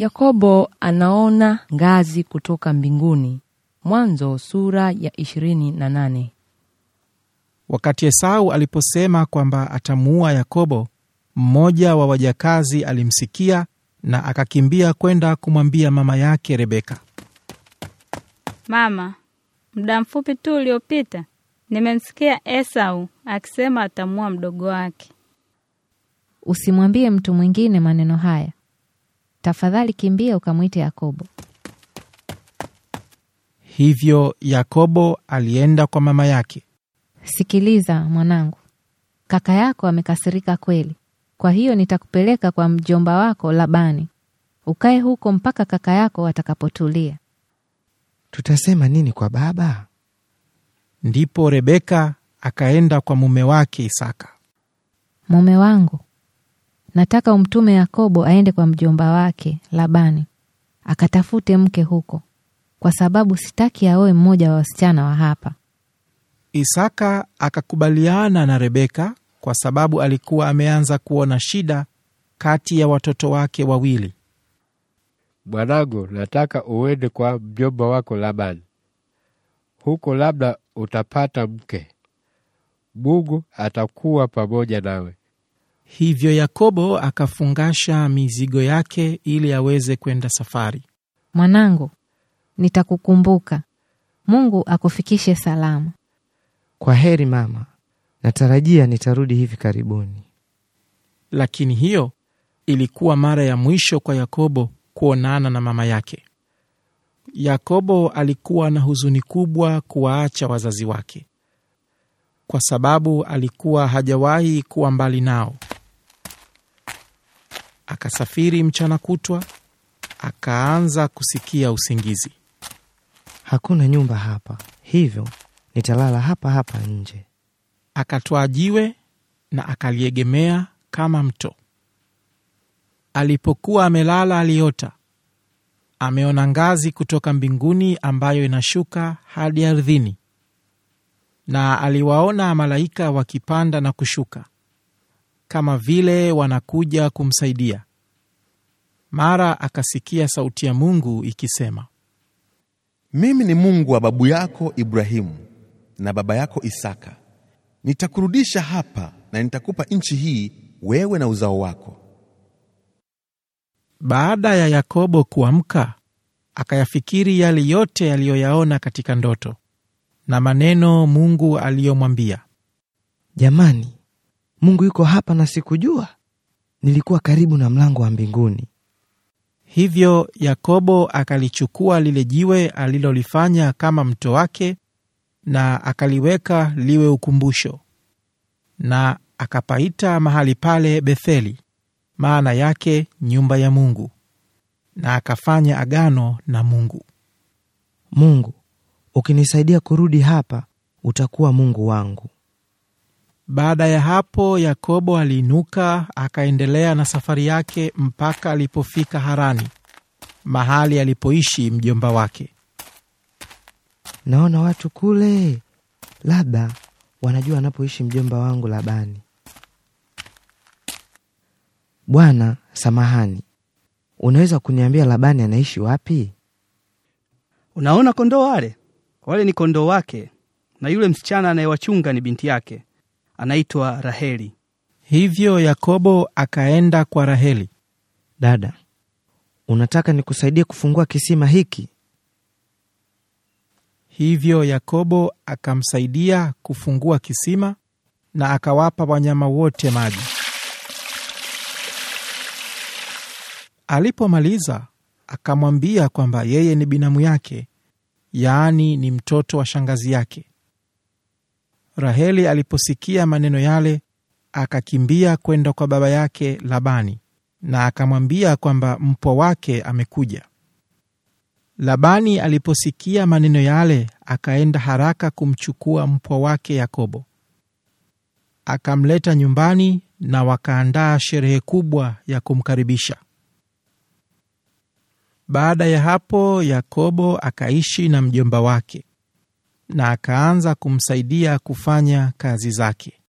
Yakobo anaona ngazi kutoka mbinguni. Mwanzo sura ya 28. Wakati Esau aliposema kwamba atamuua Yakobo, mmoja wa wajakazi alimsikia na akakimbia kwenda kumwambia mama yake Rebeka, Mama, muda mfupi tu uliopita nimemsikia Esau akisema atamuua mdogo wake. Usimwambie mtu mwingine maneno haya, Tafadhali kimbia ukamwite Yakobo. Hivyo Yakobo alienda kwa mama yake. Sikiliza mwanangu, kaka yako amekasirika kweli, kwa hiyo nitakupeleka kwa mjomba wako Labani, ukae huko mpaka kaka yako atakapotulia. Tutasema nini kwa baba? Ndipo Rebeka akaenda kwa mume wake Isaka. Mume wangu, nataka umtume Yakobo aende kwa mjomba wake Labani akatafute mke huko, kwa sababu sitaki aoe mmoja wa wasichana wa hapa. Isaka akakubaliana na Rebeka kwa sababu alikuwa ameanza kuona shida kati ya watoto wake wawili. Bwanangu, nataka uende kwa mjomba wako Labani, huko labda utapata mke. Mungu atakuwa pamoja nawe. Hivyo Yakobo akafungasha mizigo yake ili aweze kwenda safari. Mwanangu, nitakukumbuka. Mungu akufikishe salama. Kwa heri mama, natarajia nitarudi hivi karibuni. Lakini hiyo ilikuwa mara ya mwisho kwa Yakobo kuonana na mama yake. Yakobo alikuwa na huzuni kubwa kuwaacha wazazi wake, kwa sababu alikuwa hajawahi kuwa mbali nao akasafiri mchana kutwa, akaanza kusikia usingizi. Hakuna nyumba hapa, hivyo nitalala hapa hapa nje. Akatwaa jiwe na akaliegemea kama mto. Alipokuwa amelala, aliota ameona ngazi kutoka mbinguni ambayo inashuka hadi ardhini, na aliwaona malaika wakipanda na kushuka kama vile wanakuja kumsaidia. Mara akasikia sauti ya Mungu ikisema, mimi ni Mungu wa babu yako Ibrahimu na baba yako Isaka. Nitakurudisha hapa na nitakupa nchi hii, wewe na uzao wako. Baada ya Yakobo kuamka, akayafikiri yale yote aliyoyaona katika ndoto na maneno Mungu aliyomwambia. Jamani, Mungu yuko hapa na sikujua. Nilikuwa karibu na mlango wa mbinguni. Hivyo Yakobo akalichukua lile jiwe alilolifanya kama mto wake na akaliweka liwe ukumbusho, na akapaita mahali pale Betheli, maana yake nyumba ya Mungu, na akafanya agano na Mungu. Mungu, ukinisaidia kurudi hapa, utakuwa Mungu wangu. Baada ya hapo Yakobo aliinuka akaendelea na safari yake mpaka alipofika Harani, mahali alipoishi mjomba wake. Naona watu kule, labda wanajua anapoishi mjomba wangu Labani. Bwana, samahani, unaweza kuniambia Labani anaishi wapi? Unaona kondoo wale wale, ni kondoo wake, na yule msichana anayewachunga ni binti yake anaitwa Raheli. Hivyo Yakobo akaenda kwa Raheli. Dada, unataka nikusaidie kufungua kisima hiki? Hivyo Yakobo akamsaidia kufungua kisima na akawapa wanyama wote maji. Alipomaliza akamwambia kwamba yeye ni binamu yake, yaani ni mtoto wa shangazi yake. Raheli aliposikia maneno yale, akakimbia kwenda kwa baba yake Labani na akamwambia kwamba mpwa wake amekuja. Labani aliposikia maneno yale, akaenda haraka kumchukua mpwa wake Yakobo, akamleta nyumbani na wakaandaa sherehe kubwa ya kumkaribisha. Baada ya hapo, Yakobo akaishi na mjomba wake na akaanza kumsaidia kufanya kazi zake.